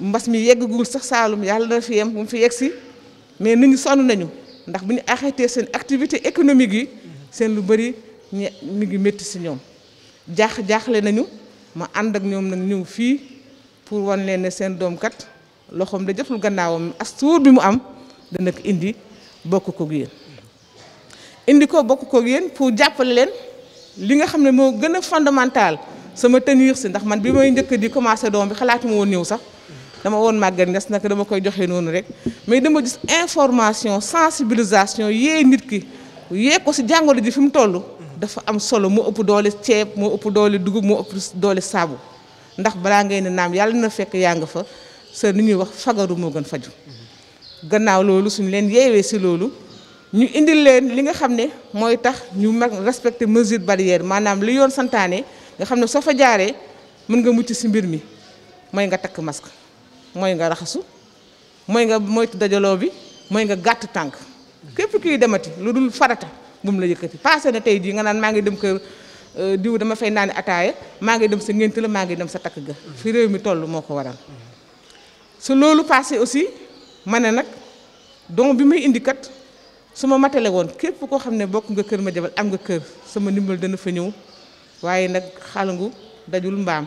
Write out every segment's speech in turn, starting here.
mbas mi yeggagul sax Saalum yàlla na fi yem bu mu fi yegg si mais nit ñi sonn nañu ndax bu ñu arrêté seen activité économique yi seen lu bëri ñe mi ngi metti si ñoom jaax jaaxle nañu ma ànd ak ñoom nag ñëw fii pour wan leen ne seen doom kat loxoom da jotul gannaawam as bi mu am dana indi bokk koog yéen. indi ko bokk koog yéen pour jàppale leen li nga xam ne moo gën a fondamental sama tenir si ndax man bi may njëkk di commencé doom bi xalaatuma woon ñëw sax. dama woon màggat ndes nag dama koy joxe noonu rek mais dama gis information sensibilisation yee nit ki yee ko si jàngoro ji fi mu toll dafa am solo moo ëpp doole ceeb moo ëpp doole dugub moo ëpp doole saabu ndax balaa ngay ne naam yàlla na fekk yaa nga fa sa ni ñuy wax fagaru moo gën faju gannaaw loolu suñu leen yeewee si loolu ñu indil leen li nga xam ne mooy tax ñu mag respecter mesure barrière maanaam li yoon santaane nga xam ne soo fa jaaree mën nga mucc si mbir mi mooy nga takk masque mooy nga raxasu mooy nga moytu dajaloo bi mooy nga gàtt tànk képp kuy demati lu dul farata bu la yëkkati passé na tey jii nga naan maa ngi dem kër euh, diw dama fay naani ataaya maa ngi dem sa ngént la maa ngi dem sa takk ga fi réew mi tollu moo ko waral su loolu passé aussi ma ne nag don bi may indi kat su ma matale woon képp koo xam ne bokk nga kër ma jabal am nga kër sama ndimbal dana fa ñëw waaye nag xalangu dajul mbaam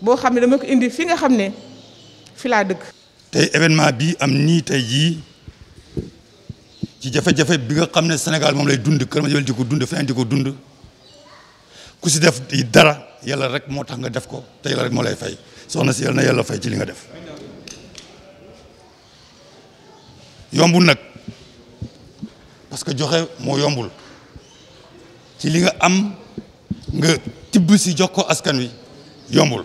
bo xamné dama ko indi fi nga xamné fi la deug tay événement bi am ni tay jii ci jafe-jafe bi nga xamné Sénégal mom lay dund Kër ma jël diko dund feneen di ko dund ku ci def dara yàlla rek moo tax nga def ko tay yàlla rek mo lay fay soxna ci yàlla na yàlla fay ci li nga def yombul nak parce que joxe mo yombul ci li nga am nga tibb ci jox askan wi yombul.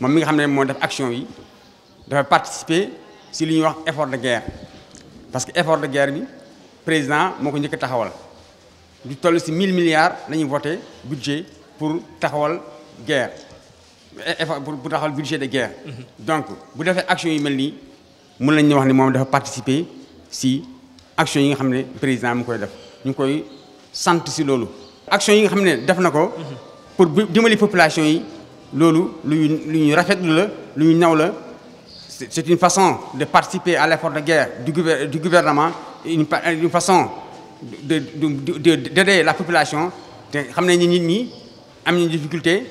moom mi nga xam ne moo def action yi dafa participer si li ñuy wax effort de guerre parce que effort de guerre bi président moo ko njëkk taxawal du toll si 1000 milliards la ñuy voté budget pour taxawal guerre effort pour taxawal budget de guerre. Mhm. donc bu defee action yu mel nii mën ñu wax ne moom dafa participer si action yi nga xam ne président mu koy def ñu koy sant si loolu. action yi nga xam ne def na ko. Mhm. pour dimbali population yi. Lolo, lu ñu lu ñu rafetlu la lu ñu c'est une façon de participer à l'effort de guerre du gouvernement une façon de de d'aider la population te xam nañ ni nit ñi am nañu difficulté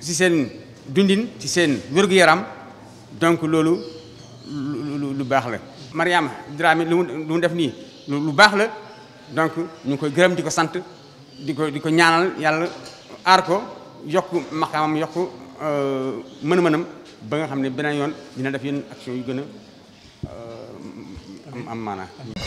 ci seen dundin ci seen wér donc Lolo, lu lu baax la. Mariama Dramé lu def lu la donc nous ngi koy gërëm diko ko sant di ko di ñaanal ko. yokk maqaamam yokk euh, mën-mënam ba nga xam ne beneen yoon dina def yenn action yu gën a euh, am maanaa